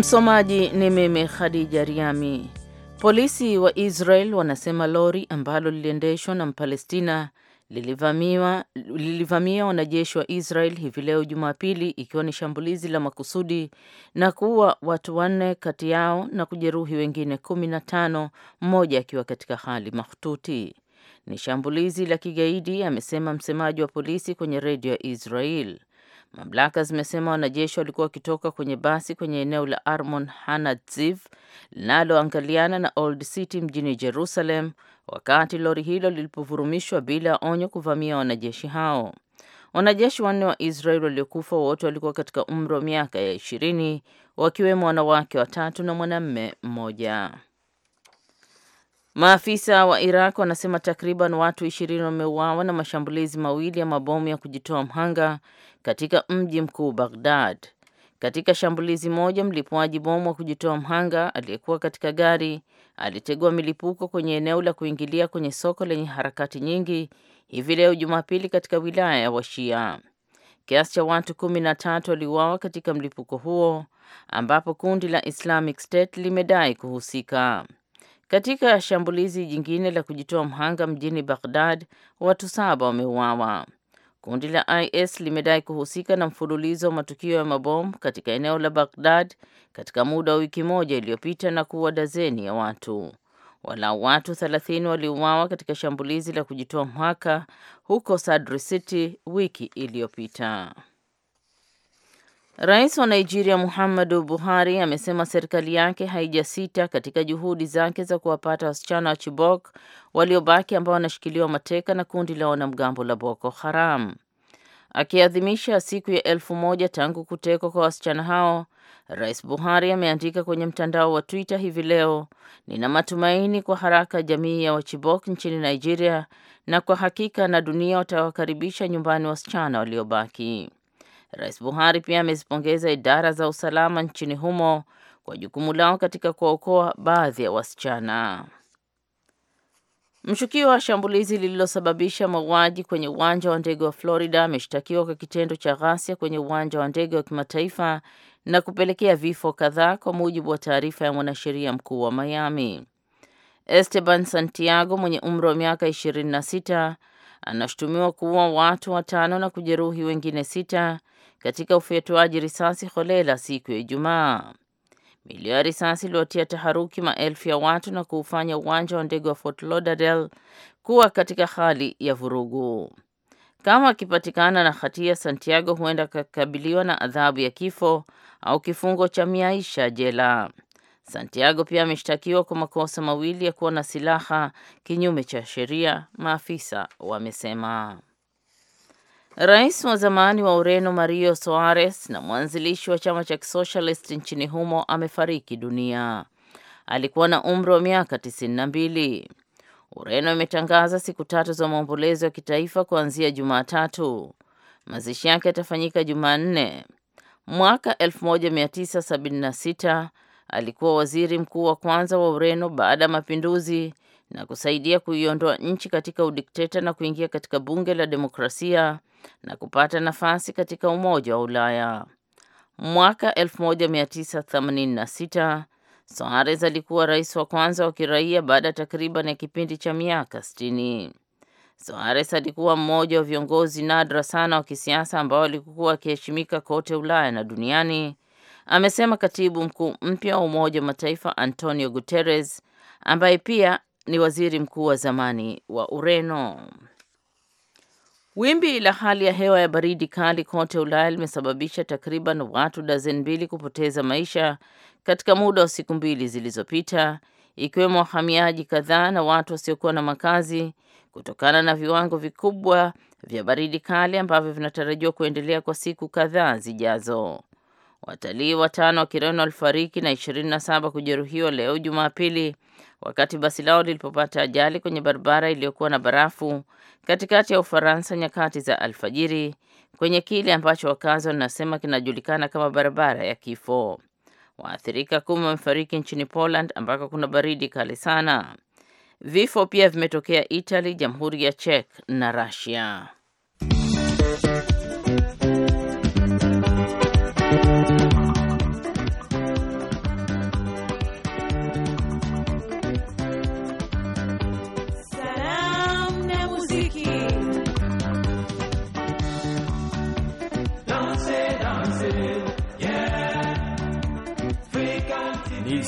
Msomaji ni mimi Khadija Riami. Polisi wa Israel wanasema lori ambalo liliendeshwa na Mpalestina lilivamiwa, lilivamia wanajeshi wa Israel hivi leo Jumapili, ikiwa ni shambulizi la makusudi na kuua watu wanne kati yao na kujeruhi wengine kumi na tano, mmoja akiwa katika hali mahututi. Ni shambulizi la kigaidi, amesema msemaji wa polisi kwenye redio ya Israel. Mamlaka zimesema wanajeshi walikuwa wakitoka kwenye basi kwenye eneo la Armon Hanadziv linaloangaliana na Old City mjini Jerusalem wakati lori hilo lilipovurumishwa bila ya onyo kuvamia wanajeshi hao. Wanajeshi wanne wa Israel waliokufa wote walikuwa katika umri wa miaka ya ishirini wakiwemo wanawake watatu na mwanamme mmoja. Maafisa wa Iraq wanasema takriban watu ishirini wameuawa na mashambulizi mawili ya mabomu ya kujitoa mhanga katika mji mkuu Baghdad. Katika shambulizi moja, mlipuaji bomu wa kujitoa mhanga aliyekuwa katika gari alitegua milipuko kwenye eneo la kuingilia kwenye soko lenye harakati nyingi hivi leo Jumapili katika wilaya ya Washia. Kiasi cha watu kumi na tatu waliuawa katika mlipuko huo ambapo kundi la Islamic State limedai kuhusika. Katika shambulizi jingine la kujitoa mhanga mjini Baghdad, watu saba wameuawa. Kundi la IS limedai kuhusika na mfululizo wa matukio ya mabomu katika eneo la Baghdad katika muda wa wiki moja iliyopita na kuua dazeni ya watu. Walau watu 30 waliuawa katika shambulizi la kujitoa mhaka huko Sadr City wiki iliyopita. Rais wa Nigeria Muhammadu Buhari amesema serikali yake haijasita katika juhudi zake za kuwapata wasichana wa Chibok waliobaki ambao wanashikiliwa mateka na kundi la wanamgambo la Boko Haram. Akiadhimisha siku ya elfu moja tangu kutekwa kwa wasichana hao, Rais Buhari ameandika kwenye mtandao wa Twitter hivi leo, nina matumaini kwa haraka jamii ya Wachibok nchini Nigeria, na kwa hakika na dunia watawakaribisha nyumbani wasichana waliobaki. Rais Buhari pia amezipongeza idara za usalama nchini humo kwa jukumu lao katika kuwaokoa baadhi ya wasichana. Mshukiwa wa shambulizi lililosababisha mauaji kwenye uwanja wa ndege wa Florida ameshtakiwa kwa kitendo cha ghasia kwenye uwanja wa ndege wa kimataifa na kupelekea vifo kadhaa, kwa mujibu wa taarifa ya mwanasheria mkuu wa Miami. Esteban Santiago mwenye umri wa miaka 26 anashutumiwa kuua watu watano na kujeruhi wengine sita katika ufyatuaji risasi holela siku ya Ijumaa. Milio ya risasi iliwatia taharuki maelfu ya watu na kuufanya uwanja wa ndege wa Fort Lauderdale kuwa katika hali ya vurugu. Kama akipatikana na hatia, Santiago huenda akakabiliwa na adhabu ya kifo au kifungo cha miaisha jela. Santiago pia ameshtakiwa kwa makosa mawili ya kuwa na silaha kinyume cha sheria, maafisa wamesema. Rais wa zamani wa Ureno Mario Soares na mwanzilishi wa chama cha kisocialist nchini humo amefariki dunia. Alikuwa na umri wa miaka 92. Ureno imetangaza siku tatu za maombolezo ya kitaifa kuanzia Jumatatu. Mazishi yake yatafanyika Jumanne. Mwaka 1976 alikuwa waziri mkuu wa kwanza wa Ureno baada ya mapinduzi na kusaidia kuiondoa nchi katika udikteta na kuingia katika bunge la demokrasia na kupata nafasi katika Umoja wa Ulaya. Mwaka 1986 Soares alikuwa rais wa kwanza wa kiraia baada ya takriban ya kipindi cha miaka 60. Soares alikuwa mmoja wa viongozi nadra sana wa kisiasa ambao alikuwa akiheshimika kote Ulaya na duniani, amesema katibu mkuu mpya wa Umoja wa Mataifa Antonio Guterres ambaye pia ni waziri mkuu wa zamani wa Ureno. Wimbi la hali ya hewa ya baridi kali kote Ulaya limesababisha takriban watu dazeni mbili kupoteza maisha katika muda wa siku mbili zilizopita, ikiwemo wahamiaji kadhaa na watu wasiokuwa na makazi kutokana na viwango vikubwa vya baridi kali ambavyo vinatarajiwa kuendelea kwa siku kadhaa zijazo. Watalii watano wa Kireno walifariki na 27 kujeruhiwa leo Jumapili wakati basi lao lilipopata ajali kwenye barabara iliyokuwa na barafu katikati ya Ufaransa nyakati za alfajiri kwenye kile ambacho wakazi wanasema kinajulikana kama barabara ya kifo. Waathirika kumi wamefariki nchini Poland ambako kuna baridi kali sana. Vifo pia vimetokea Italy, Jamhuri ya Czech na Russia.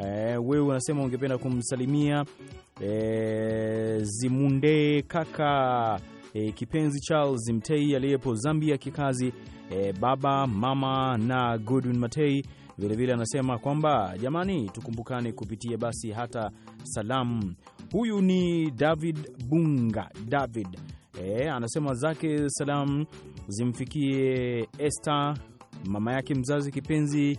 Eh, wewe unasema ungependa kumsalimia eh, Zimunde kaka eh, kipenzi Charles Mtei aliyepo Zambia kikazi eh, baba mama na Godwin Matei vilevile anasema kwamba jamani, tukumbukane kupitia basi hata salamu. Huyu ni David Bunga David e, anasema zake salamu zimfikie Esther mama yake mzazi kipenzi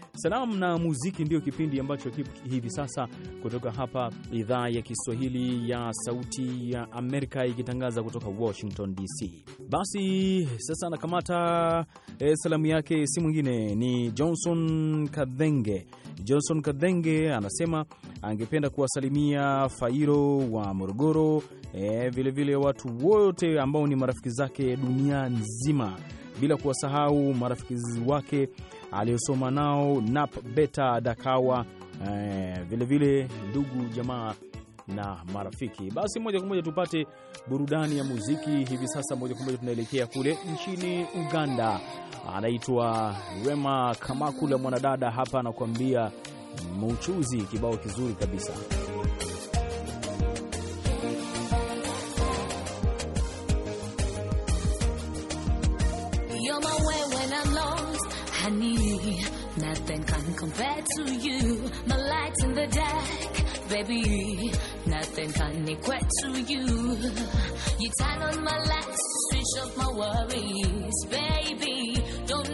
Salamu na muziki ndiyo kipindi ambacho kipo hivi sasa kutoka hapa idhaa ya Kiswahili ya Sauti ya Amerika ikitangaza kutoka Washington DC. Basi sasa nakamata e, salamu yake si mwingine ni Johnson Kadhenge. Johnson Kadhenge anasema angependa kuwasalimia Fairo wa Morogoro, vilevile vilevile watu wote ambao ni marafiki zake dunia nzima bila kuwasahau marafiki wake aliyosoma nao Nap Beta Dakawa, vilevile eh, ndugu jamaa na marafiki. Basi moja kwa moja tupate burudani ya muziki hivi sasa. Moja kwa moja tunaelekea kule nchini Uganda, anaitwa Rema Kamakula, mwanadada hapa anakuambia mchuzi, kibao kizuri kabisa. back to you, my light in the dark, baby. Nothing can equate to you. You turn on my lights, switch off my worries, baby. Don't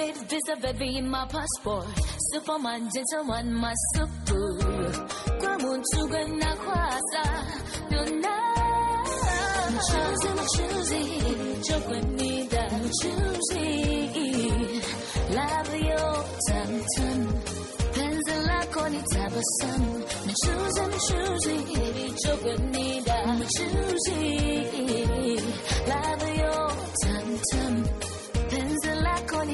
valid visa, baby, in my passport. Superman, gentleman, my super. Kwa muntuga na kwasa, yona. Mchuzi, mchuzi, I'm choosing, Love i yo, tam tam. Penzi lako ni tabasamu. Mchuzi, mchuzi, I'm choosing, Love yo, tam tam.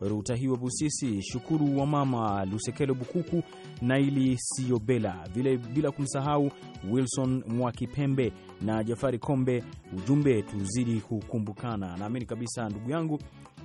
Rutahiwa Busisi, Shukuru wa Mama Lusekelo, Bukuku Naili Siobela, vile bila kumsahau Wilson Mwakipembe na Jafari Kombe. Ujumbe tuzidi kukumbukana. Naamini kabisa ndugu yangu,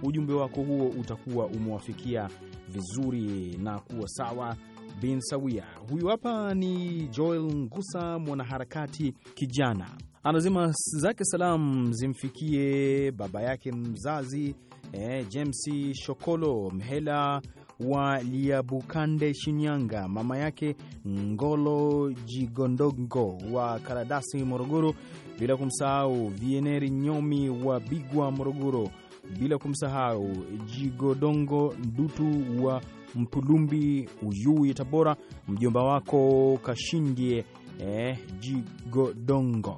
ujumbe wako huo utakuwa umewafikia vizuri na kuwa sawa bin sawia. Huyu hapa ni Joel Ngusa, mwanaharakati kijana, anasema zake salam zimfikie baba yake mzazi eh, James Shokolo Mhela wa Liabukande, Shinyanga, mama yake Ngolo Jigondongo wa Karadasi, Morogoro, bila kumsahau Vieneri Nyomi wa Bigwa, Morogoro, bila kumsahau Jigodongo Ndutu wa Mpulumbi, Uyui, Tabora, mjomba wako Kashindie eh, Jigodongo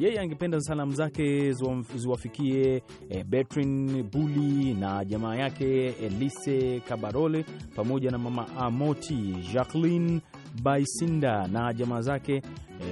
yeye angependa salamu zake ziwafikie e, eh, Betrin Buli na jamaa yake Elise Kabarole pamoja na mama Amoti Jacqueline Baisinda na jamaa zake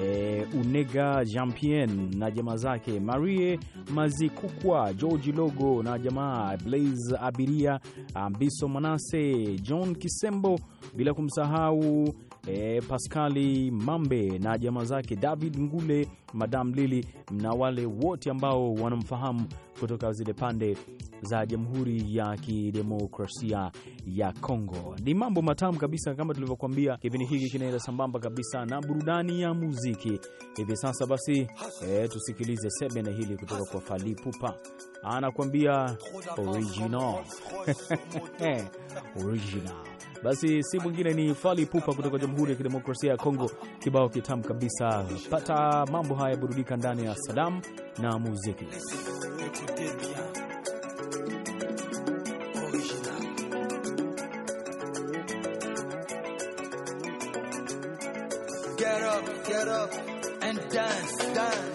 e, Unega Jampien na jamaa zake Marie Mazikukwa, George Logo na jamaa Blaze Abiria Ambiso Manase John Kisembo, bila kumsahau e, Paskali Mambe na jamaa zake David Ngule, Madam Lili na wale wote ambao wanamfahamu kutoka zile pande za Jamhuri ya Kidemokrasia ya Kongo. Ni mambo matamu kabisa, kama tulivyokuambia, kipindi hiki kinaenda sambamba kabisa na burudani ya muziki hivi sasa. Basi e, tusikilize sebene hili kutoka kwa falipupa anakuambia original original basi si mwingine ni fali pupa kutoka Jamhuri ya Kidemokrasia ya Kongo, kibao kitamu kabisa. Pata mambo haya, burudika ndani ya salamu na muziki. Get up, get up and dance, dance.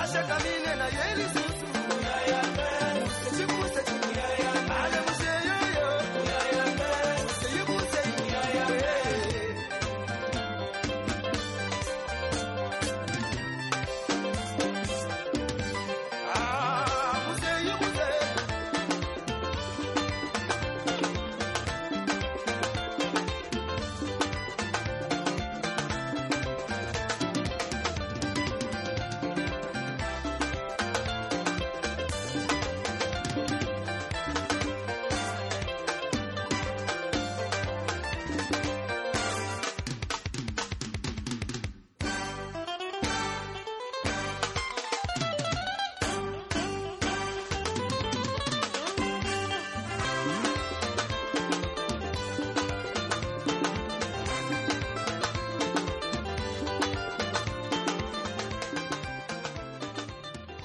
Gracias, camino!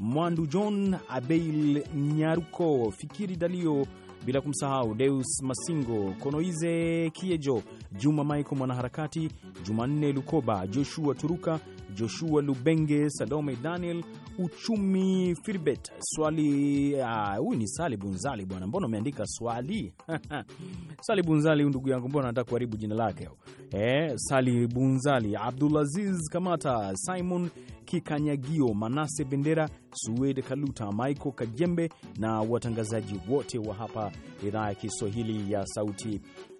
Mwandu John Abeil Nyaruko, Fikiri Dalio, bila kumsahau Deus Masingo, Konoize Kiejo, Juma Maiko mwanaharakati, Jumanne Lukoba, Joshua Turuka, Joshua Lubenge, Salome Daniel, Uchumi Firbet, Swali ah, huyu uh, ni Sali Bunzali bwana, mbona umeandika Swali? Sali Bunzali ndugu yangu, mbona nataka kuharibu jina lake eh? Sali Bunzali, Abdulaziz Kamata, Simon Kikanyagio, Manase Bendera, Suwed Kaluta, Michael Kajembe na watangazaji wote wa hapa idhaa ya Kiswahili ya Sauti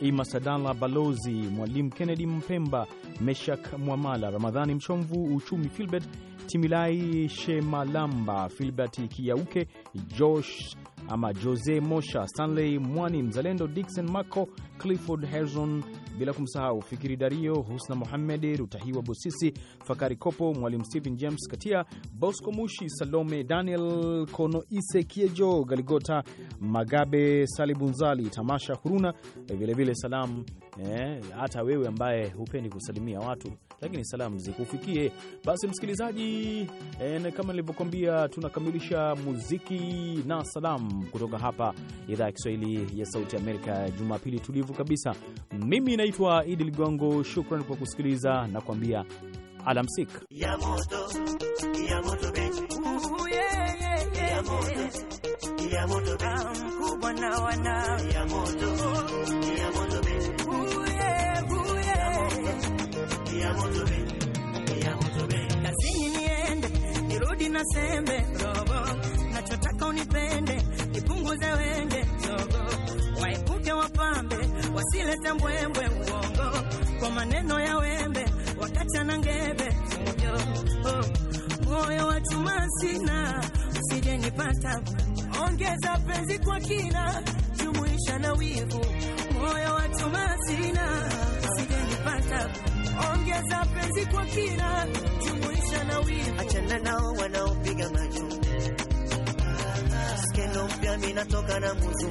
Ima Sadala, Balozi Mwalimu Kennedy Mpemba, Meshak Mwamala, Ramadhani Mchomvu, Uchumi Filbert Timilai Shemalamba, Filbert Kiauke, Josh ama Jose Mosha, Stanley Mwani, Mzalendo Dixon marco Clifford Harrison bila kumsahau Fikiri Dario, Husna muhammed Rutahiwa Bosisi, Fakari Kopo, Mwalimu Stephen James Katia, Bosco Mushi, Salome Daniel Konoise, Kiejo Galigota Magabe, Salibunzali, Tamasha Huruna, vilevile salamu eh, hata wewe ambaye hupendi kusalimia watu, lakini salamu zikufikie. Basi msikilizaji, eh, kama nilivyokuambia, tunakamilisha muziki na salamu kutoka hapa idhaa ya Kiswahili ya Sauti ya Amerika, Jumapili tulivu kabisa. Mimi naitwa Idi Ligongo, shukran kwa kusikiliza na kuambia alamsik ya moto, ya moto. kazini niende nirudi na sembe robo, nachotaka unipende nipunguze wende sogo, waepuke wapambe wasilete mbwembwe uongo kwa maneno ya wembe wakati na ngebe moyo oh, moyo wa chuma sina usijenipata, ongeza penzi kwa kina, jumuisha na wivu kina jumuisha na wivu, achana nao wanaopiga macho. Skendo mpya minatoka na muzu,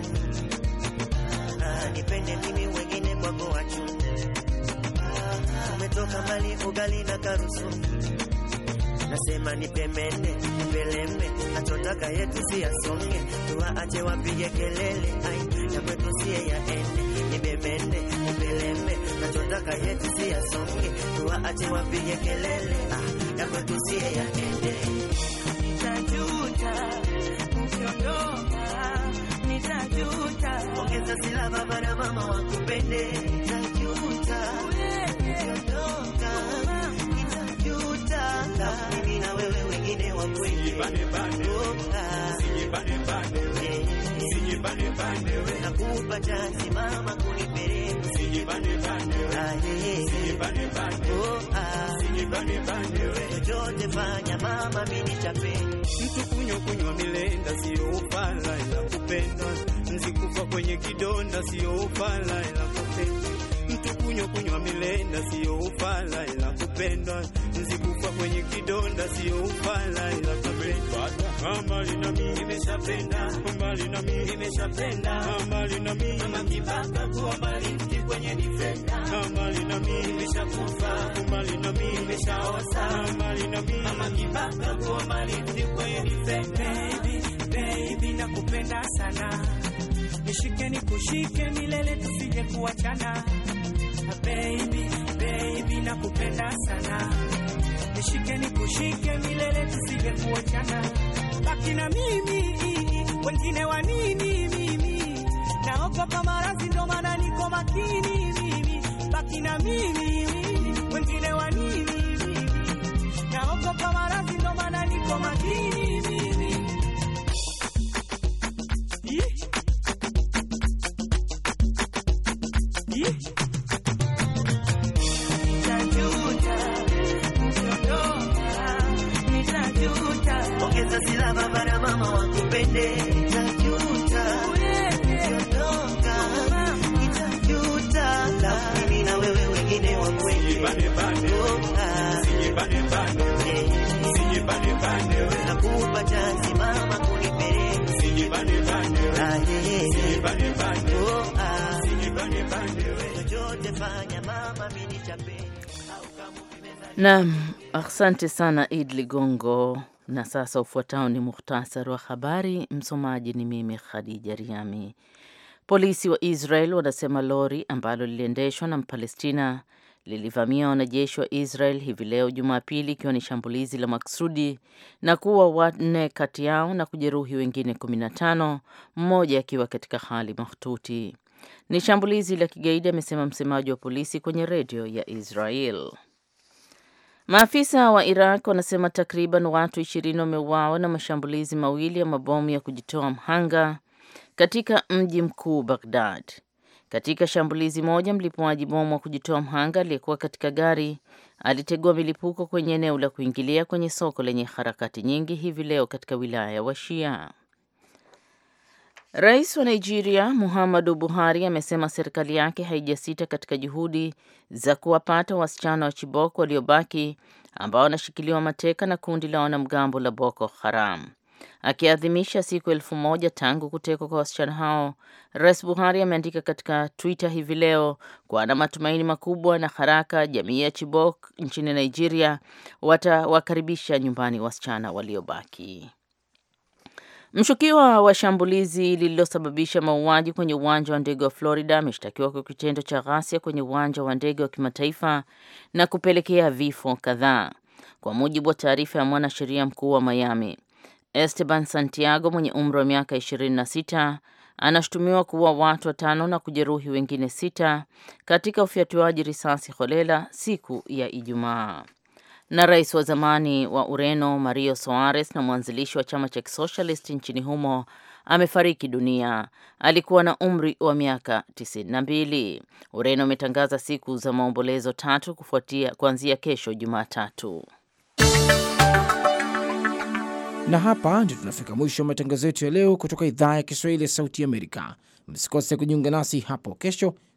ah, nipende mimi wengine kwako wacho. Tumetoka mbali, ugali na karusu, nasema nipemene peleme, achotaka yetu si asonge, tuwaache wapige kelele, ai ya siye ya mipaka yetu siyasonge, tuwaache wapige kelele, ah, ya kwetu siye yaende. Nitajuta msiondoka, nitajuta. Ongeza silaha baba na mama wakupende, nitajuta msiondoka, nitajuta mimi na wewe, wengine wakwende nakupa chansi unachokifanya mama, mimi chape mtu kunywa kunywa milenda, sio ufala ila kupenda mzi kwenye kidonda, sio ufala ila kupenda mtu kunywa kunywa milenda, sio ufala ila kupenda mzi kwenye kidonda, sio ufala ila kupenda mama, lina mimi nimeshapenda mama, lina mimi nimeshapenda mama, lina mimi mama, kibaka kuwa mali kwenye nifenda, mama, lina mimi nimeshakufa mama, lina mimi nimeshaosa mama, lina mimi baby, nakupenda sana, nishike nikushike milele tusije kuachana. Baby, baby, nakupenda sana, nishike nikushike milele tusije kuachana. Baki na mimi, wengine wa nini? Mimi naogopa maradhi, ndo maana niko makini mimi. Baki na mimi, wengine wa Naam, asante sana Id Ligongo. Na sasa ufuatao ni muhtasari wa habari. Msomaji ni mimi Khadija Riami. Polisi wa Israel wanasema lori ambalo liliendeshwa na Mpalestina lilivamia wanajeshi wa Israel hivi leo Jumapili, ikiwa ni shambulizi la maksudi na kuwa wanne kati yao na kujeruhi wengine 15, mmoja akiwa katika hali mahututi. Ni shambulizi la kigaidi, amesema msemaji wa polisi kwenye redio ya Israel. Maafisa wa Iraq wanasema takriban watu ishirini wameuawa na mashambulizi mawili ya mabomu ya kujitoa mhanga katika mji mkuu Baghdad. Katika shambulizi moja, mlipuaji bomu wa kujitoa mhanga aliyekuwa katika gari alitegua milipuko kwenye eneo la kuingilia kwenye soko lenye harakati nyingi hivi leo katika wilaya ya Washia. Rais wa Nigeria Muhammadu Buhari amesema serikali yake haijasita katika juhudi za kuwapata wasichana wa Chibok waliobaki ambao wanashikiliwa mateka na kundi la wanamgambo la Boko Haram. Akiadhimisha siku elfu moja tangu kutekwa kwa wasichana hao, Rais Buhari ameandika katika Twitter hivi leo kwa na matumaini makubwa na haraka jamii ya Chibok nchini Nigeria watawakaribisha nyumbani wasichana waliobaki. Mshukiwa wa shambulizi lililosababisha mauaji kwenye uwanja wa ndege wa Florida ameshtakiwa kwa kitendo cha ghasia kwenye uwanja wa ndege wa kimataifa na kupelekea vifo kadhaa, kwa mujibu wa taarifa ya mwanasheria mkuu wa Miami. Esteban Santiago mwenye umri wa miaka 26 anashutumiwa kuua watu watano na kujeruhi wengine sita katika ufyatuaji risasi holela siku ya Ijumaa na rais wa zamani wa Ureno Mario Soares na mwanzilishi wa chama cha Socialist nchini humo amefariki dunia. Alikuwa na umri wa miaka 92. Ureno ametangaza siku za maombolezo tatu kufuatia kuanzia kesho Jumatatu. Na hapa ndio tunafika mwisho wa matangazo yetu ya leo kutoka idhaa ya Kiswahili ya Sauti Amerika. Msikose kujiunga nasi hapo kesho